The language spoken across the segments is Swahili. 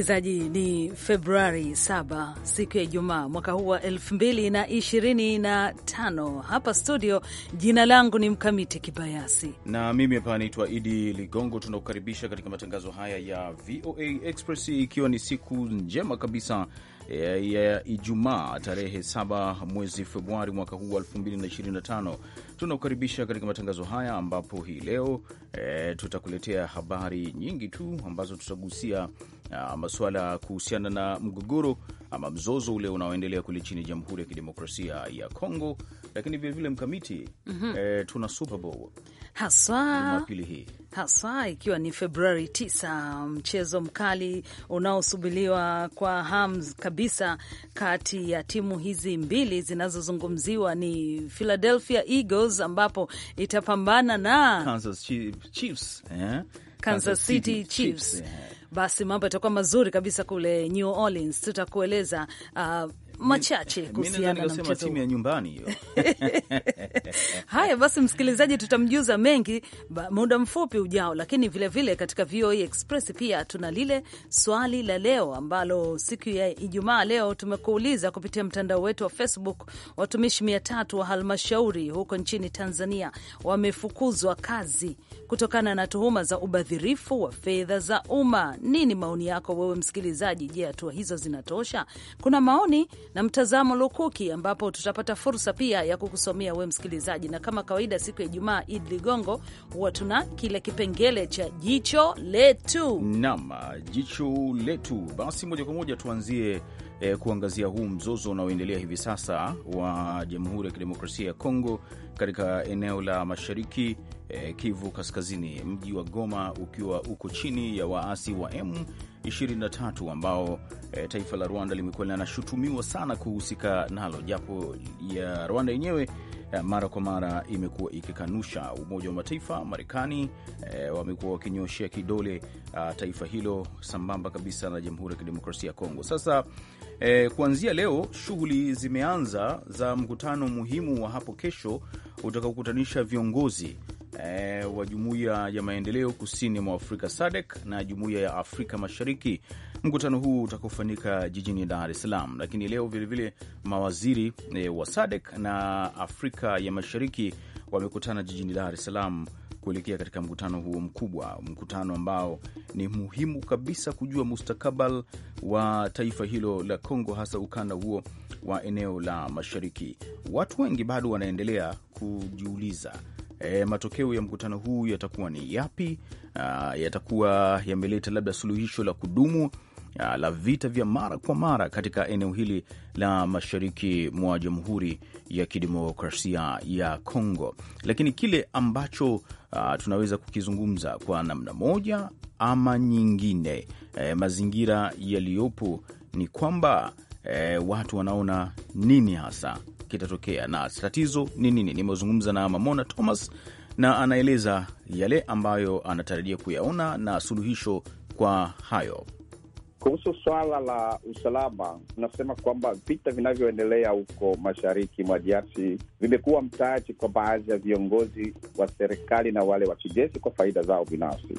msikilizaji, ni Februari 7 siku ya Ijumaa mwaka huu wa 2025. Hapa studio, jina langu ni Mkamiti Kibayasi na mimi hapa naitwa Idi Ligongo. Tunakukaribisha katika matangazo haya ya VOA Express, ikiwa ni siku njema kabisa ya, eh, ya Ijumaa tarehe 7 mwezi Februari mwaka huu wa 2025. Tunakukaribisha katika matangazo haya ambapo hii leo e, tutakuletea habari nyingi tu ambazo tutagusia Ah, masuala kuhusiana na mgogoro ama mzozo ule unaoendelea kule chini Jamhuri ya Kidemokrasia ya Kongo, lakini vilevile mkamiti mm -hmm. E, tuna Super Bowl haswa hii haswa ikiwa ni Februari 9, mchezo mkali unaosubiliwa kwa hams kabisa kati ya timu hizi mbili zinazozungumziwa ni Philadelphia Eagles ambapo itapambana na Kansas Chiefs, eh? Kansas City Chiefs, Chiefs. Yeah basi mambo yatakuwa mazuri kabisa kule New Orleans. Tutakueleza uh, machache eh, eh, kuhusiana na mchezo timu ya nyumbani hiyo. Haya basi, msikilizaji, tutamjuza mengi muda mfupi ujao, lakini vilevile vile katika VOA e Express pia tuna lile swali la leo ambalo siku ya Ijumaa leo tumekuuliza kupitia mtandao wetu wa Facebook, watumishi mia tatu wa halmashauri huko nchini Tanzania wamefukuzwa kazi kutokana na tuhuma za ubadhirifu wa fedha za umma. Nini maoni yako wewe msikilizaji? Je, hatua hizo zinatosha? Kuna maoni na mtazamo lukuki, ambapo tutapata fursa pia ya kukusomea we msikilizaji. Na kama kawaida, siku ya Ijumaa, id Ligongo, huwa tuna kile kipengele cha jicho letu. Naam, jicho letu. Basi moja kwa moja tuanzie eh, kuangazia huu mzozo unaoendelea hivi sasa wa Jamhuri ya Kidemokrasia ya Kongo katika eneo la mashariki eh, Kivu Kaskazini, mji wa Goma ukiwa uko chini ya waasi wa M 23 ambao e, taifa la Rwanda limekuwa linashutumiwa sana kuhusika nalo, japo ya Rwanda yenyewe eh, mara kwa mara imekuwa ikikanusha. Umoja wa Mataifa, Marekani e, wamekuwa wakinyoshea kidole a, ah, taifa hilo sambamba kabisa na Jamhuri ya Kidemokrasia ya Kongo. Sasa e, kuanzia leo shughuli zimeanza za mkutano muhimu wa hapo kesho utakaokutanisha viongozi e, wa jumuiya ya maendeleo kusini mwa Afrika SADC na jumuiya ya Afrika Mashariki. Mkutano huu utakaofanyika jijini Dar es Salaam, lakini leo vilevile vile mawaziri e, wa SADC na Afrika ya Mashariki wamekutana jijini Dar es Salaam kuelekea katika mkutano huo mkubwa, mkutano ambao ni muhimu kabisa kujua mustakabali wa taifa hilo la Kongo, hasa ukanda huo wa eneo la mashariki. Watu wengi bado wanaendelea kujiuliza e, matokeo ya mkutano huu yatakuwa ni yapi? Yatakuwa yameleta labda suluhisho la kudumu la vita vya mara kwa mara katika eneo hili la mashariki mwa Jamhuri ya Kidemokrasia ya Kongo. Lakini kile ambacho uh, tunaweza kukizungumza kwa namna moja ama nyingine, e, mazingira yaliyopo ni kwamba e, watu wanaona nini hasa kitatokea na tatizo ni nini. Nimezungumza na Mamona Thomas na anaeleza yale ambayo anatarajia kuyaona na suluhisho kwa hayo. Kuhusu swala la usalama, tunasema kwamba vita vinavyoendelea huko mashariki mwa DRC vimekuwa mtaji kwa baadhi ya viongozi wa serikali na wale wa kijeshi kwa faida zao binafsi.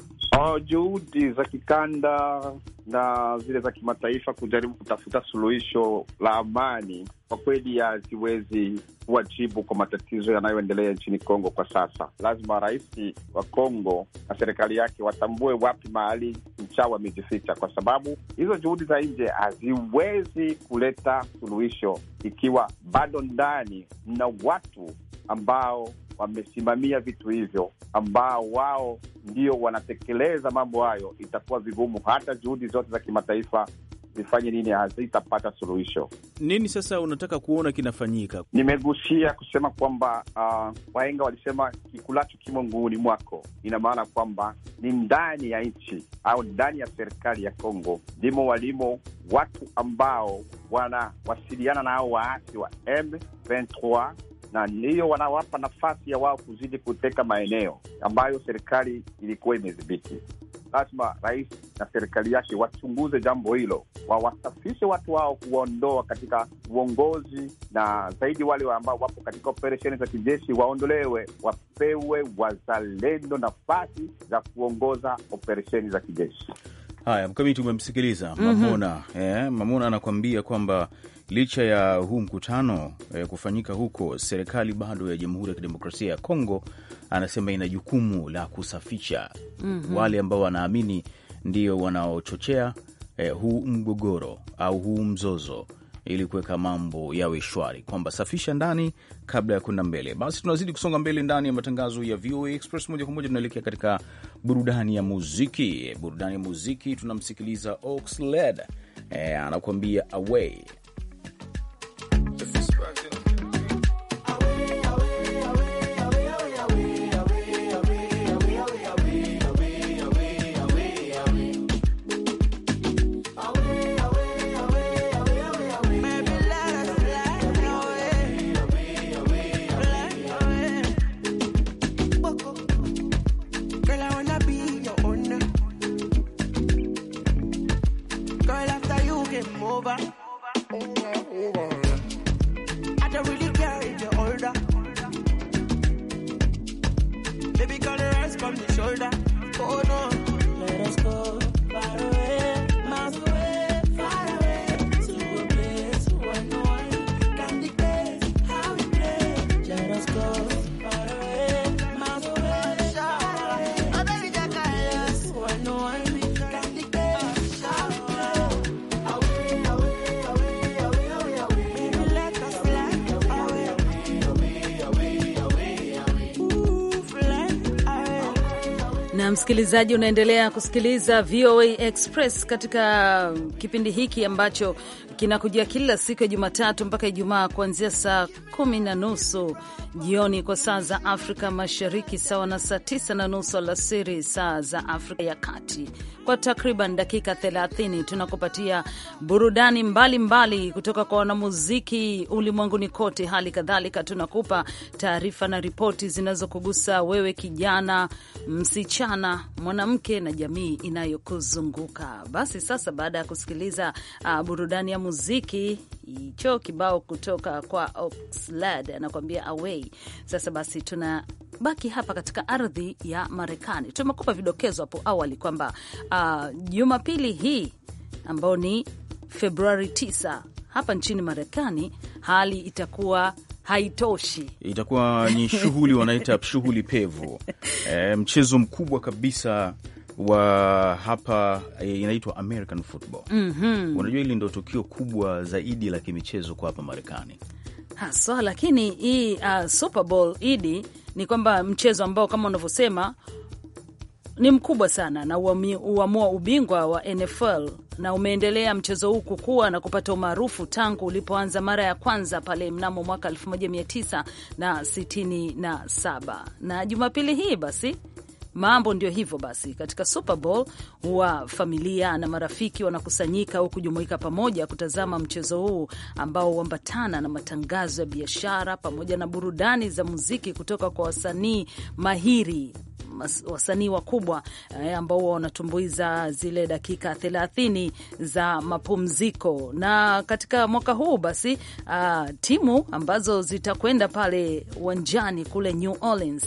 Juhudi za kikanda na zile za kimataifa kujaribu kutafuta suluhisho la amani kwa kweli haziwezi kuwa jibu kwa matatizo yanayoendelea nchini Kongo kwa sasa. Lazima rais wa Kongo na serikali yake watambue wapi mahali mchawa amejificha, kwa sababu hizo juhudi za nje haziwezi kuleta suluhisho ikiwa bado ndani mna watu ambao wamesimamia vitu hivyo, ambao wao ndio wanatekeleza mambo hayo, itakuwa vigumu. Hata juhudi zote za kimataifa zifanye nini, hazitapata suluhisho. Nini sasa unataka kuona kinafanyika? Nimegusia kusema kwamba uh, wahenga walisema kikulacho kimo nguuni mwako. Ina maana kwamba ni ndani ya nchi au ndani ya serikali ya Kongo ndimo walimo watu ambao wanawasiliana nao waasi wa M23 na ndiyo wanawapa nafasi ya wao kuzidi kuteka maeneo ambayo serikali ilikuwa imedhibiti. Lazima rais na serikali yake wachunguze jambo hilo, wawasafishe watu wao, kuwaondoa katika uongozi, na zaidi wale ambao wapo katika operesheni za kijeshi waondolewe, wapewe wazalendo nafasi za kuongoza operesheni za kijeshi. Haya, mkamiti umemsikiliza mhm. Mamona. mm -hmm. Eh, Mamona anakuambia kwamba licha ya huu mkutano eh, kufanyika huko, serikali bado ya Jamhuri ya Kidemokrasia ya Kongo anasema ina jukumu la kusafisha mm -hmm. wale ambao wanaamini ndio wanaochochea eh, huu mgogoro au huu mzozo ili kuweka mambo yawe shwari, kwamba safisha ndani kabla ya kwenda mbele. Basi tunazidi kusonga mbele ndani ya matangazo ya VOA Express. Moja kwa moja tunaelekea katika burudani ya muziki. Burudani ya muziki tunamsikiliza Oxlade, eh, anakuambia away over. msikilizaji, unaendelea kusikiliza VOA Express katika kipindi hiki ambacho kinakujia kila siku ya Jumatatu mpaka Ijumaa kuanzia saa kumi na nusu jioni kwa saa za Afrika Mashariki, sawa na saa tisa na nusu alasiri saa za Afrika ya Kati. Kwa takriban dakika 30 tunakupatia burudani mbalimbali mbali kutoka kwa wanamuziki ulimwenguni kote. Hali kadhalika tunakupa taarifa na ripoti zinazokugusa wewe, kijana, msichana, mwanamke na jamii inayokuzunguka. Basi sasa, baada ya kusikiliza uh, burudani ya muziki hicho kibao kutoka kwa oxlad anakuambia away. Sasa basi tuna baki hapa katika ardhi ya Marekani. Tumekupa vidokezo hapo awali kwamba uh, Jumapili uh, hii ambao ni Februari 9 hapa nchini Marekani hali itakuwa haitoshi, itakuwa ni shughuli wanaita shughuli pevu, e, mchezo mkubwa kabisa wa hapa eh, inaitwa American football. mm -hmm. Unajua hili ndo tukio kubwa zaidi la kimichezo kwa hapa Marekani haswa so, lakini hii uh, Super Bowl idi ni kwamba mchezo ambao kama unavyosema ni mkubwa sana na uamua ubingwa wa NFL na umeendelea mchezo huu kukua na kupata umaarufu tangu ulipoanza mara ya kwanza pale mnamo mwaka 1967 na, na Jumapili hii basi Mambo ndio hivyo basi. Katika Super Bowl huwa familia na marafiki wanakusanyika au kujumuika pamoja kutazama mchezo huu ambao huambatana na matangazo ya biashara pamoja na burudani za muziki kutoka kwa wasanii mahiri wasanii wakubwa eh, ambao wanatumbuiza zile dakika 30 za mapumziko. Na katika mwaka huu basi, uh, timu ambazo zitakwenda pale uwanjani kule New Orleans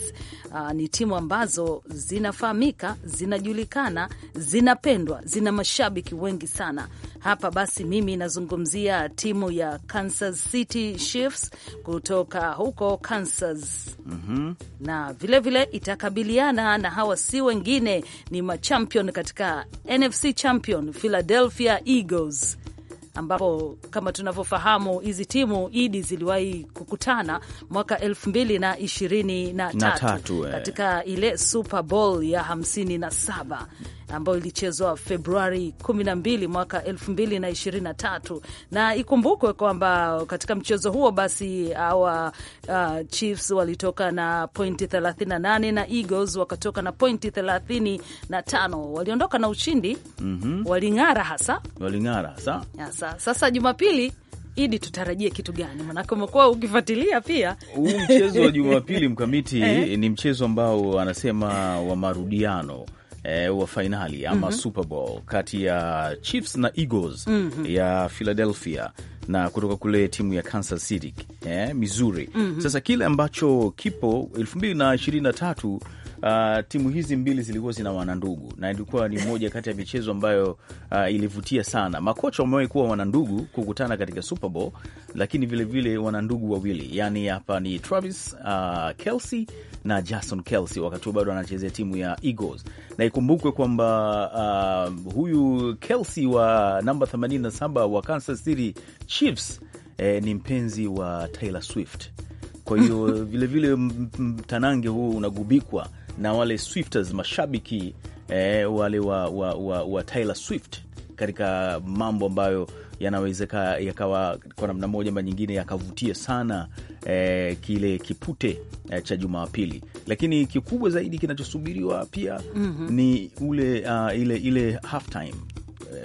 uh, ni timu ambazo zinafahamika, zinajulikana, zinapendwa, zina mashabiki wengi sana hapa basi mimi nazungumzia timu ya Kansas City Chiefs kutoka huko Kansas mm -hmm. na vilevile vile itakabiliana na hawa si wengine ni machampion katika NFC champion Philadelphia Eagles ambapo kama tunavyofahamu hizi timu idi ziliwahi kukutana mwaka elfu mbili na ishirini na tatu eh. katika ile Super Bowl ya hamsini na saba ambayo ilichezwa Februari 12 mwaka 2023, na ikumbukwe kwamba katika mchezo huo basi awa uh, Chiefs walitoka na pointi 38 na Eagles wakatoka na pointi 35. Waliondoka na ushindi mm -hmm. Waling'ara hasa, waling'ara hasa. Sasa, sasa Jumapili Idi, tutarajie kitu gani? Manake umekuwa ukifuatilia pia huu mchezo wa Jumapili mkamiti eh? Ni mchezo ambao anasema wa marudiano e, wa fainali ama mm -hmm. Super Bowl kati ya Chiefs na Eagles mm -hmm. ya Philadelphia na kutoka kule timu ya Kansas City eh, Missouri mm -hmm. Sasa kile ambacho kipo 223 uh, timu hizi mbili zilikuwa zina wanandugu na ilikuwa ni moja kati ya michezo ambayo uh, ilivutia sana. Makocha wamewahi kuwa wanandugu kukutana katika Super Bowl, lakini vilevile wanandugu wawili, yani hapa ni Travis uh, Kelce na Jason Kelce, wakati bado anachezea timu ya Eagles, na ikumbukwe kwamba uh, huyu Kelce wa namba 87 wa Kansas City Chiefs eh, ni mpenzi wa Taylor Swift. Kwa hiyo vilevile mtanange huu unagubikwa na wale Swifters mashabiki eh, wale wa, wa, wa, wa Taylor Swift katika mambo ambayo yanawezeka yakawa kwa namna moja ama nyingine yakavutia sana eh, kile kipute eh, cha Jumapili, lakini kikubwa zaidi kinachosubiriwa pia mm -hmm. ni ule uh, ile, ile halftime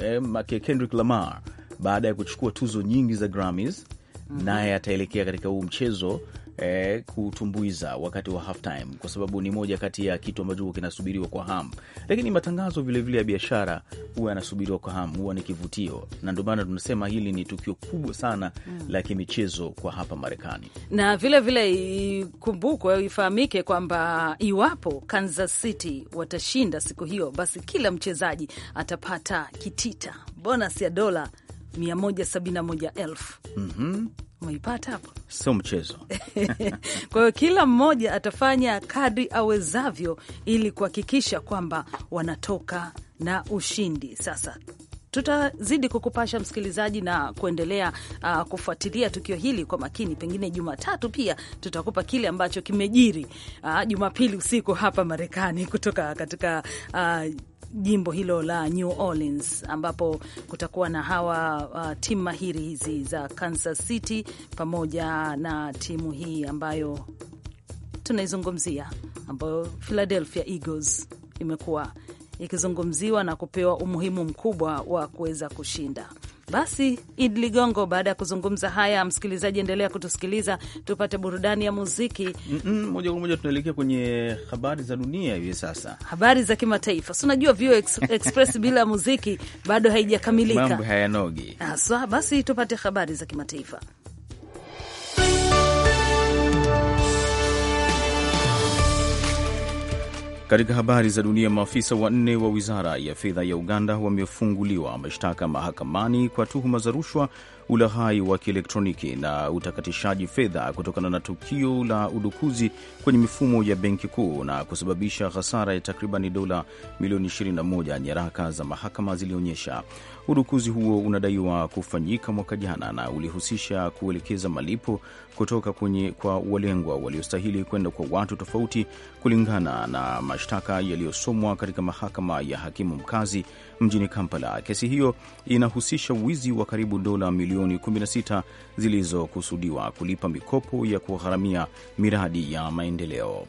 eh, make Kendrick Lamar baada ya kuchukua tuzo nyingi za Grammys mm -hmm. naye ataelekea katika huu mchezo eh, kutumbuiza wakati wa halftime, kwa sababu ni moja kati ya kitu ambacho kinasubiriwa kwa hamu. Lakini matangazo vilevile ya biashara huwa yanasubiriwa kwa hamu, huwa ni kivutio, na ndio maana tunasema hili ni tukio kubwa sana mm, la kimichezo kwa hapa Marekani. Na vilevile ikumbukwe, ifahamike kwamba iwapo Kansas City watashinda siku hiyo, basi kila mchezaji atapata kitita bonus ya dola 171,000 mm -hmm. Umeipata hapo, sio mchezo. Kwa hiyo kila mmoja atafanya kadri awezavyo ili kuhakikisha kwamba wanatoka na ushindi. Sasa tutazidi kukupasha msikilizaji, na kuendelea uh, kufuatilia tukio hili kwa makini. Pengine Jumatatu pia tutakupa kile ambacho kimejiri uh, Jumapili usiku hapa Marekani, kutoka katika uh, jimbo hilo la New Orleans, ambapo kutakuwa na hawa uh, timu mahiri hizi za Kansas City pamoja na timu hii ambayo tunaizungumzia ambayo Philadelphia Eagles imekuwa ikizungumziwa na kupewa umuhimu mkubwa wa kuweza kushinda. Basi id Ligongo, baada ya kuzungumza haya, msikilizaji, endelea kutusikiliza tupate burudani ya muziki. Mm -mm, moja kwa moja tunaelekea kwenye habari za dunia hivi sasa, habari za kimataifa. Si unajua Vio Express bila muziki bado haijakamilika, mambo hayanogi haswa. Basi tupate habari za kimataifa. Katika habari za dunia, maafisa wanne wa wizara ya fedha ya Uganda wamefunguliwa mashtaka mahakamani kwa tuhuma za rushwa, ulaghai wa kielektroniki na utakatishaji fedha kutokana na tukio la udukuzi kwenye mifumo ya benki kuu na kusababisha hasara ya takribani dola milioni 21, nyaraka za mahakama zilionyesha. Udukuzi huo unadaiwa kufanyika mwaka jana na ulihusisha kuelekeza malipo kutoka kwenye kwa walengwa waliostahili kwenda kwa watu tofauti kulingana na mashtaka yaliyosomwa katika mahakama ya hakimu mkazi mjini Kampala. Kesi hiyo inahusisha wizi wa karibu dola milioni 16 zilizokusudiwa kulipa mikopo ya kugharamia miradi ya maendeleo.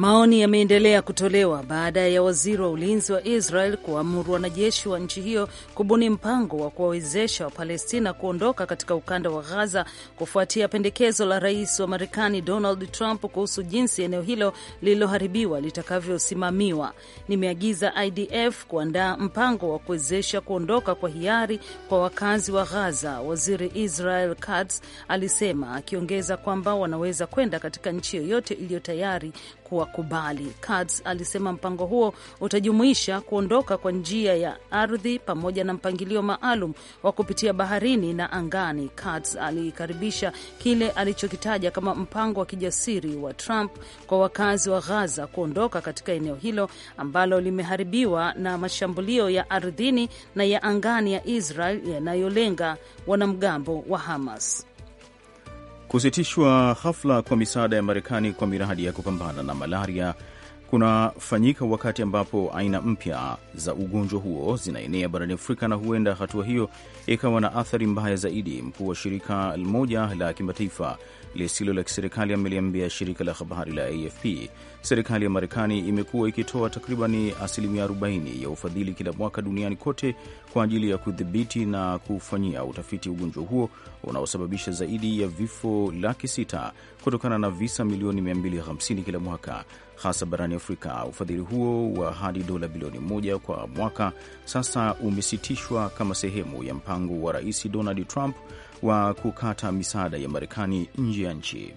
Maoni yameendelea kutolewa baada ya waziri wa ulinzi wa Israel kuamuru wanajeshi wa nchi hiyo kubuni mpango wa kuwawezesha Wapalestina kuondoka katika ukanda wa Gaza kufuatia pendekezo la rais wa Marekani Donald Trump kuhusu jinsi eneo hilo lililoharibiwa litakavyosimamiwa. Nimeagiza IDF kuandaa mpango wa kuwezesha kuondoka kwa hiari kwa wakazi wa Gaza, waziri Israel Katz alisema, akiongeza kwamba wanaweza kwenda katika nchi yoyote iliyo tayari kuwakubali. Kurds alisema mpango huo utajumuisha kuondoka kwa njia ya ardhi pamoja na mpangilio maalum wa kupitia baharini na angani. Kurds alikaribisha kile alichokitaja kama mpango wa kijasiri wa Trump kwa wakazi wa Gaza kuondoka katika eneo hilo ambalo limeharibiwa na mashambulio ya ardhini na ya angani ya Israel yanayolenga wanamgambo wa Hamas. Kusitishwa ghafla kwa misaada ya Marekani kwa miradi ya kupambana na malaria kunafanyika wakati ambapo aina mpya za ugonjwa huo zinaenea barani Afrika na huenda hatua hiyo ikawa na athari mbaya zaidi. Mkuu wa shirika moja la kimataifa lisilo la kiserikali ameliambia shirika la habari la AFP Serikali ya Marekani imekuwa ikitoa takribani asilimia 40 ya ufadhili kila mwaka duniani kote kwa ajili ya kudhibiti na kufanyia utafiti ugonjwa huo unaosababisha zaidi ya vifo laki sita kutokana na visa milioni 250 kila mwaka hasa barani Afrika. Ufadhili huo wa hadi dola bilioni moja kwa mwaka sasa umesitishwa kama sehemu ya mpango wa Rais Donald Trump wa kukata misaada ya Marekani nje ya nchi.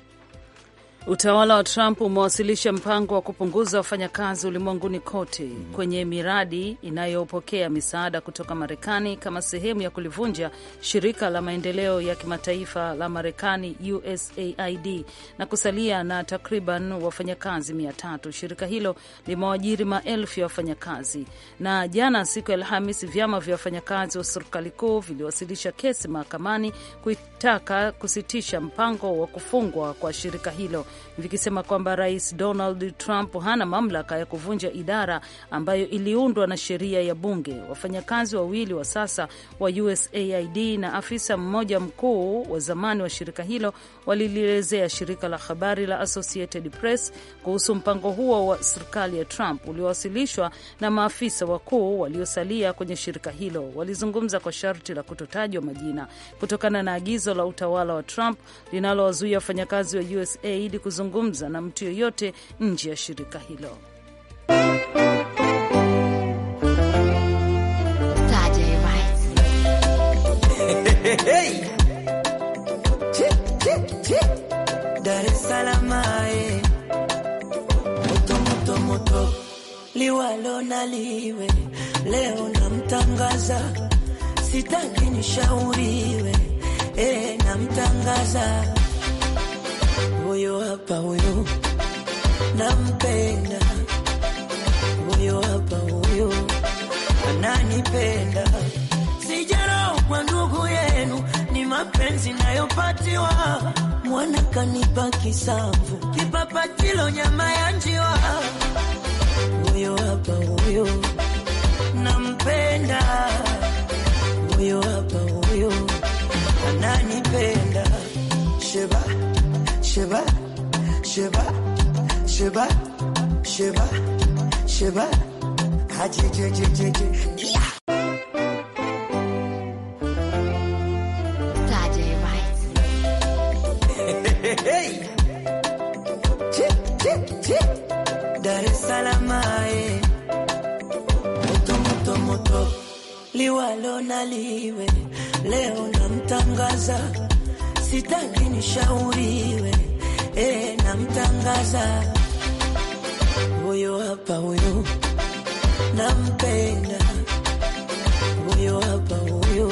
Utawala wa Trump umewasilisha mpango wa kupunguza wafanyakazi ulimwenguni kote mhm. kwenye miradi inayopokea misaada kutoka Marekani kama sehemu ya kulivunja shirika la maendeleo ya kimataifa la Marekani USAID na kusalia na takriban wafanyakazi mia tatu. Shirika hilo limewajiri maelfu ya wafanyakazi, na jana siku ya Alhamis vyama vya wafanyakazi wa serikali kuu viliwasilisha kesi mahakamani kuitaka kusitisha mpango wa kufungwa kwa shirika hilo vikisema kwamba Rais Donald Trump hana mamlaka ya kuvunja idara ambayo iliundwa na sheria ya bunge. Wafanyakazi wawili wa sasa wa USAID na afisa mmoja mkuu wa zamani wa shirika hilo walilielezea shirika la habari la Associated Press kuhusu mpango huo wa serikali ya Trump uliowasilishwa na maafisa wakuu waliosalia kwenye shirika hilo. Walizungumza kwa sharti la kutotajwa majina kutokana na agizo la utawala wa Trump linalowazuia wafanyakazi wa USAID kuzungumza na mtu yoyote nje ya shirika hilo. Eh. Liwalo na liwe leo namtangaza, sitaki nishauriwe, eh, namtangaza hapa huyu nampenda, huyo hapa huyu ananipenda, sijarau kwa ndugu yenu, ni mapenzi nayopatiwa. Mwana kanipa kisamvu, kipapatilo nyama ya njiwa, huyo hapa huyu nampenda, huyo hapa huyu ananipenda. Sheba, sheba Sheba, Sheba, Sheba, Sheba. Haji, je, je, Liwalo na Leo namtangaza. Sitaki nishauriwe eh, namtangaza huyo hapa, huyo nampenda, huyo hapa, huyo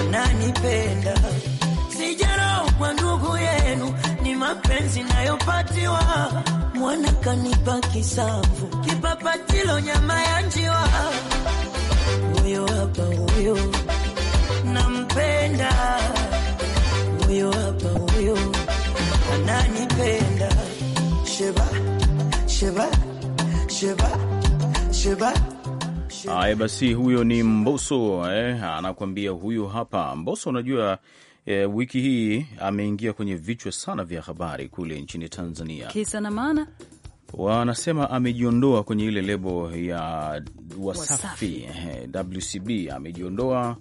ananipenda. sijaro kwa ndugu yenu, ni mapenzi nayopatiwa. Mwana kanipa kisamvu, kipapatilo nyama ya njiwa, huyo hapa, huyo nampenda, huyo hapa, huyo ananipenda sheba sheba sheba sheba. Haya basi, huyo ni Mboso eh, anakuambia huyo hapa Mboso. Unajua eh, wiki hii ameingia kwenye vichwa sana vya habari kule nchini Tanzania, kisa na maana wanasema amejiondoa kwenye ile lebo ya Wasafi, WCB eh, amejiondoa,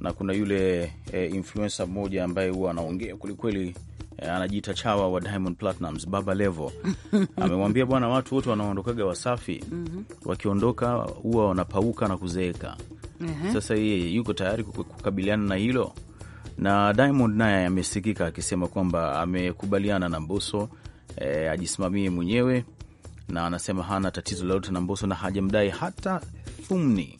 na kuna yule eh, influencer mmoja ambaye huwa anaongea kwelikweli Eh, anajiita chawa wa Diamond Platnumz, Baba Levo amemwambia bwana, watu wote wanaondokaga Wasafi mhm. wakiondoka huwa wanapauka na kuzeeka Sasa yeye yuko tayari kukabiliana na hilo, na Diamond naye amesikika akisema kwamba amekubaliana na Mbosso e, ajisimamie mwenyewe, na anasema hana tatizo lolote na Mbosso na hajamdai hata thumni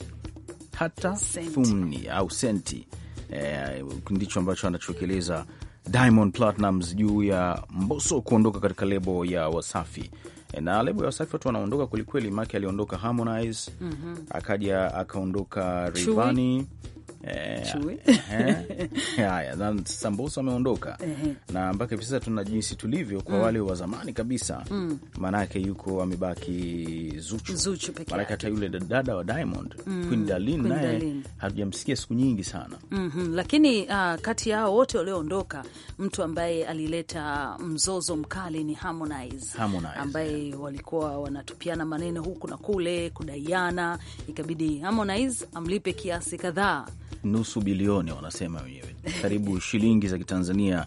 hata senti, thumni au senti e, ndicho ambacho anachokieleza Diamond Platnumz juu ya mboso kuondoka katika lebo ya Wasafi e, na lebo ya Wasafi watu wanaondoka kwelikweli, make aliondoka Harmonize mm -hmm. akaja akaondoka Rayvanny Eh, eh, haya, Sambusa ameondoka na mpaka hivi sasa tuna jinsi tulivyo kwa mm. wale wa zamani kabisa mm. maanake yuko amebaki Zuchu, Zuchu peke hata yule dada wa Diamond mm. Queen Darleen naye hatujamsikia siku nyingi sana mm -hmm. Lakini uh, kati yao wote walioondoka mtu ambaye alileta mzozo mkali ni Harmonize, Harmonize ambaye yeah. walikuwa wanatupiana maneno huku na kule, kudaiana, ikabidi Harmonize amlipe kiasi kadhaa nusu bilioni wanasema wenyewe, karibu shilingi za Kitanzania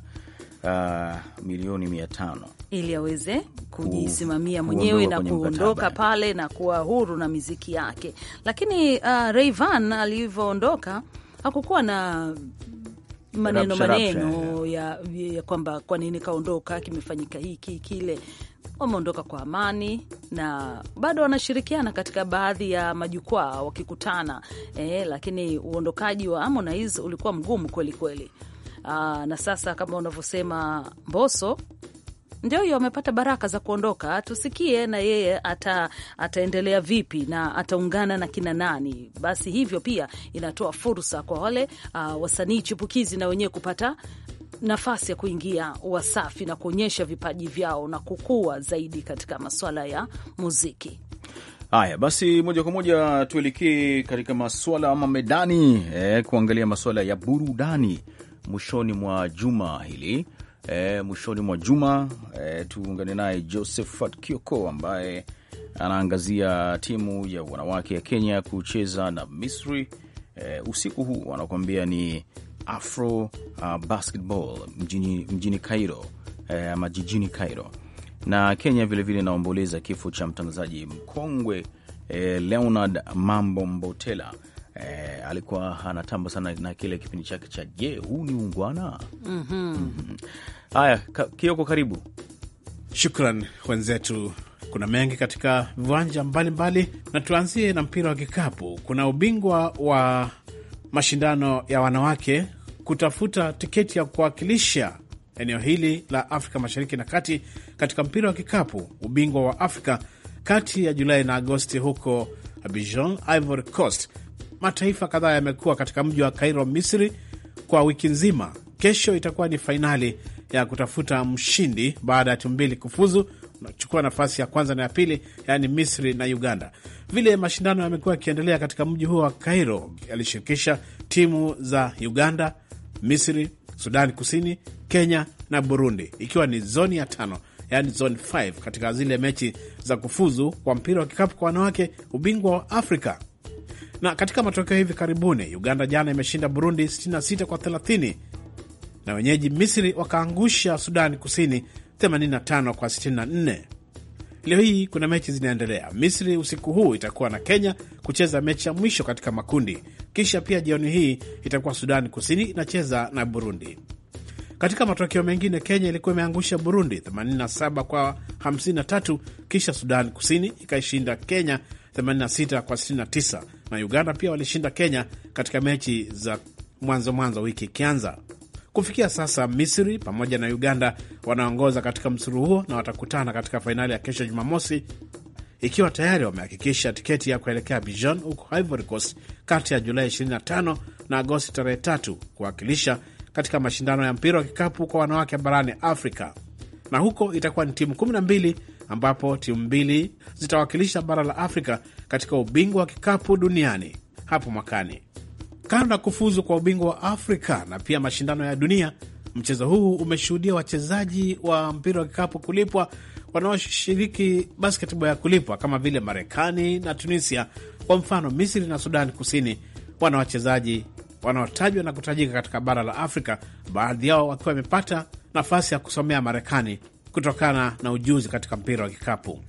uh, milioni mia tano ili aweze kujisimamia mwenyewe na kuondoka pale na kuwa huru na miziki yake. Lakini uh, Rayvan alivyoondoka hakukuwa na maneno maneno ya, ya kwamba kwa nini kaondoka, kimefanyika hiki kile wameondoka kwa amani na bado wanashirikiana katika baadhi ya majukwaa wakikutana e, lakini uondokaji wa Harmonize ulikuwa mgumu kweli kweli. Aa, na sasa kama unavyosema Mboso ndio hiyo amepata baraka za kuondoka. Tusikie na yeye ata, ataendelea vipi na ataungana na kina nani? Basi hivyo pia inatoa fursa kwa wale uh, wasanii chipukizi na wenyewe kupata nafasi ya kuingia Wasafi na kuonyesha vipaji vyao na kukua zaidi katika masuala ya muziki. Haya basi, moja kwa moja tuelekee katika maswala ama medani eh, kuangalia masuala ya burudani mwishoni mwa juma hili eh, mwishoni mwa juma eh, tuungane naye Josephat Kioko ambaye anaangazia timu ya wanawake ya Kenya kucheza na Misri eh, usiku huu, wanakuambia ni Afro uh, basketball mjini, mjini Cairo eh, ama jijini Cairo. Na Kenya vilevile inaomboleza kifo cha mtangazaji mkongwe eh, Leonard Mambo Mbotela. Eh, alikuwa anatamba sana na kile kipindi chake cha Je, huu ni ungwana? mm -hmm. Mm -hmm. Haya, ka, Kioko, karibu. Shukran wenzetu. Kuna mengi katika viwanja mbalimbali, na tuanzie na mpira wa kikapu. Kuna ubingwa wa mashindano ya wanawake kutafuta tiketi ya kuwakilisha eneo hili la Afrika Mashariki na Kati katika mpira wa kikapu ubingwa wa Afrika kati ya Julai na Agosti huko Abidjan, Ivory Coast. Mataifa kadhaa yamekuwa katika mji wa cairo Misri, kwa wiki nzima. Kesho itakuwa ni fainali ya kutafuta mshindi baada ya timu mbili kufuzu nachukua nafasi ya kwanza na ya pili, yaani Misri na Uganda. Vile mashindano yamekuwa yakiendelea katika mji huo wa cairo yalishirikisha timu za Uganda, Misri, Sudani Kusini, Kenya na Burundi, ikiwa ni zoni ya tano, yaani zone 5 katika zile mechi za kufuzu kwa mpira wa kikapu kwa wanawake, ubingwa wa Afrika. Na katika matokeo hivi karibuni, Uganda jana imeshinda Burundi 66 kwa 30 na wenyeji Misri wakaangusha Sudani Kusini 85 kwa 64. Leo hii kuna mechi zinaendelea. Misri usiku huu itakuwa na Kenya kucheza mechi ya mwisho katika makundi, kisha pia jioni hii itakuwa Sudani Kusini inacheza na Burundi. Katika matokeo mengine, Kenya ilikuwa imeangusha Burundi 87 kwa 53, kisha Sudani Kusini ikaishinda Kenya 86 kwa 69, na Uganda pia walishinda Kenya katika mechi za mwanzo mwanzo wiki ikianza. Kufikia sasa Misri pamoja na Uganda wanaongoza katika msuru huo na watakutana katika fainali ya kesho Jumamosi ikiwa tayari wamehakikisha tiketi ya kuelekea Abidjan huko Ivory Coast kati ya Julai 25 na Agosti tarehe 3 kuwakilisha katika mashindano ya mpira wa kikapu kwa wanawake barani Afrika, na huko itakuwa ni timu 12 ambapo timu mbili zitawakilisha bara la Afrika katika ubingwa wa kikapu duniani hapo mwakani. Kando na kufuzu kwa ubingwa wa Afrika na pia mashindano ya dunia, mchezo huu umeshuhudia wachezaji wa mpira wa kikapu kulipwa wanaoshiriki basketball ya kulipwa kama vile Marekani na Tunisia. Kwa mfano, Misri na Sudani Kusini wana wachezaji wanaotajwa na kutajika katika bara la Afrika, baadhi yao wakiwa wamepata nafasi ya kusomea Marekani kutokana na ujuzi katika mpira wa kikapu.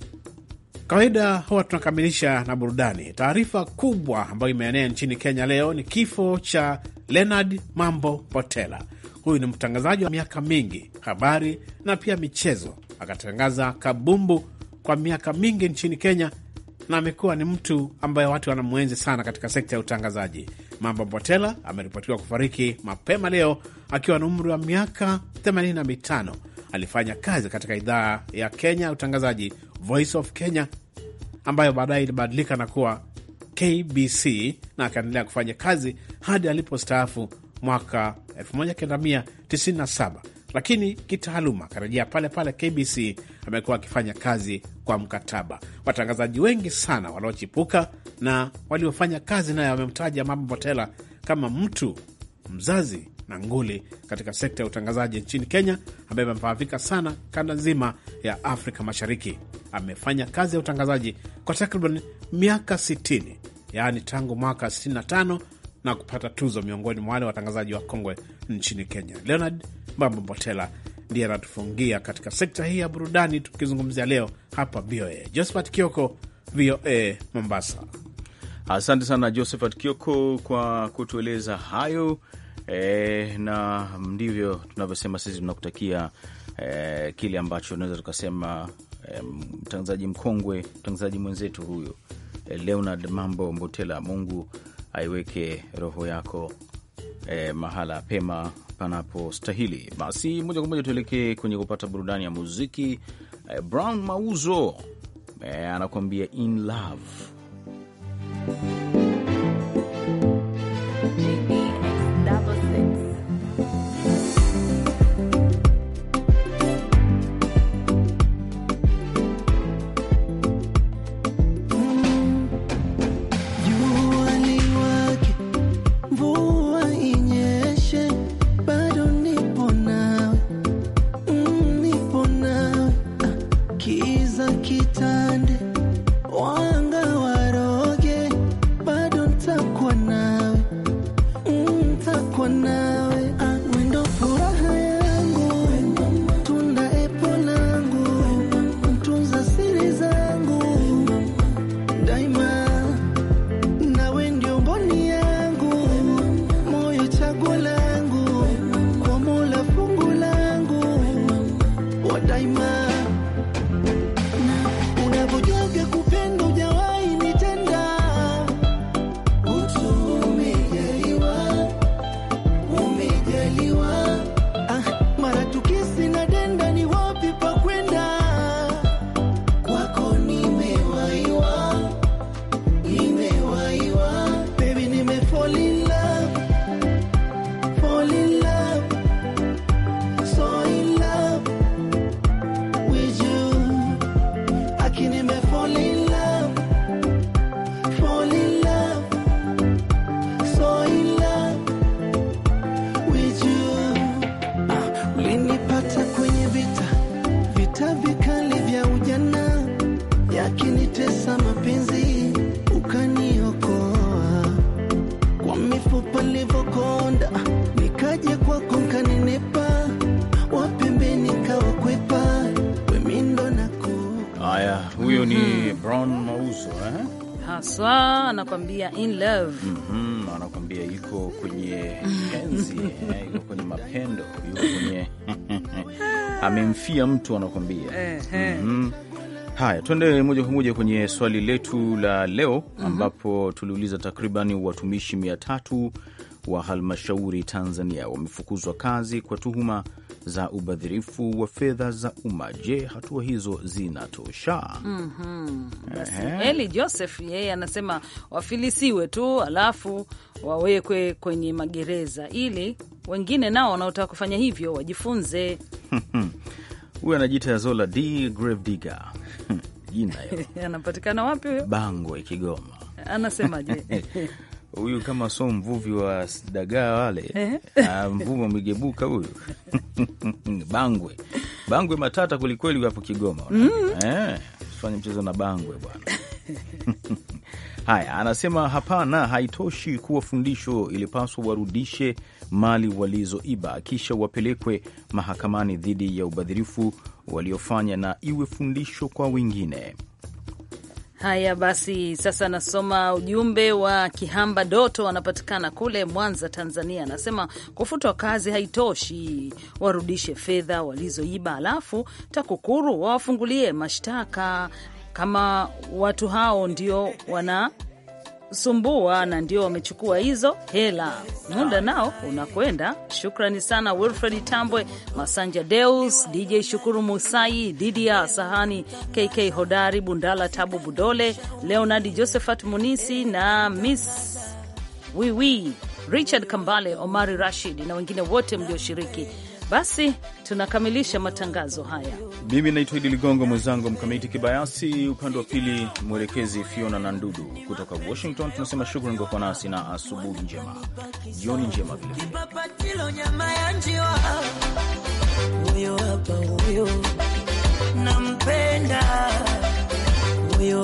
Kawaida huwa tunakamilisha na burudani. Taarifa kubwa ambayo imeenea nchini Kenya leo ni kifo cha Leonard Mambo Potela. Huyu ni mtangazaji wa miaka mingi, habari na pia michezo akatangaza kabumbu kwa miaka mingi nchini Kenya na amekuwa ni mtu ambaye watu wanamwenzi sana katika sekta ya utangazaji. Mamba Mbotela ameripotiwa kufariki mapema leo akiwa na umri wa miaka 85. Alifanya kazi katika idhaa ya Kenya ya utangazaji Voice of Kenya ambayo baadaye ilibadilika na kuwa KBC na akaendelea kufanya kazi hadi alipostaafu mwaka 1997 lakini kitaaluma akarejea pale pale KBC. Amekuwa akifanya kazi kwa mkataba, watangazaji wengi sana wanaochipuka na waliofanya kazi naye wamemtaja Mama Motela kama mtu mzazi na nguli katika sekta ya utangazaji nchini Kenya, ambaye amefahamika sana kanda nzima ya Afrika Mashariki. Amefanya kazi ya utangazaji kwa takriban miaka 60 yaani tangu mwaka 65 na kupata tuzo miongoni mwa wale watangazaji wa kongwe nchini Kenya. Leonard Babu botela ndiye anatufungia katika sekta hii ya burudani, tukizungumzia leo hapa VOA. Josephat Kioko, VOA Mombasa. Asante sana Josephat Kioko kwa kutueleza hayo. E, na ndivyo tunavyosema sisi, tunakutakia e, kile ambacho unaweza tukasema e, mtangazaji mkongwe, mtangazaji mwenzetu huyu e, Leonard Mambo Mbotela. Mungu aiweke roho yako eh, mahala pema panapostahili. Basi moja kwa moja tuelekee kwenye kupata burudani ya muziki. Eh, Brown Mauzo eh, anakuambia in love kumsifia mtu anakwambia. Eh, eh. Mm -hmm. Haya, tuende moja kwa moja kwenye swali letu la leo mhm. ambapo mm -hmm. tuliuliza takriban watumishi mia tatu wa halmashauri Tanzania wamefukuzwa kazi kwa tuhuma za ubadhirifu wa fedha za umma. Je, hatua hizo zinatosha? mm -hmm. Basi Eli Joseph yeye anasema wafilisiwe tu, alafu wawekwe kwenye magereza ili wengine nao wanaotaka kufanya hivyo wajifunze. Huyu anajiita Zola D Grave Digger hmm, jina hiyo anapatikana wapi huyo? Bangwe, Kigoma. Anasemaje huyu? kama so mvuvi wa dagaa wale eh? ah, mvumo migebuka huyu Bangwe, Bangwe matata kwelikweli hapo Kigoma. mm Eh, fanye mchezo na Bangwe bwana Haya, anasema hapana, haitoshi kuwa fundisho, ilipaswa warudishe mali walizoiba kisha wapelekwe mahakamani dhidi ya ubadhirifu waliofanya na iwe fundisho kwa wengine. Haya basi, sasa nasoma ujumbe wa Kihamba Doto, anapatikana kule Mwanza, Tanzania. Anasema kufutwa kazi haitoshi, warudishe fedha walizoiba, alafu TAKUKURU wawafungulie mashtaka kama watu hao ndio wana sumbua na ndio wamechukua hizo hela. Muda nao unakwenda. Shukrani sana Wilfred Tambwe, Masanja Deus, DJ Shukuru Musai, Didia Sahani, KK Hodari, Bundala Tabu Budole, leonardi Josephat Munisi na Miss Wiwi Richard Kambale, Omari Rashid na wengine wote mlioshiriki. Basi tunakamilisha matangazo haya. Mimi naitwa Idi Ligongo, mwenzangu Mkamiti Kibayasi, upande wa pili mwelekezi Fiona na Ndudu kutoka Washington. Tunasema shukrani kwa kuwa nasi na asubuhi njema, jioni njema vilevile.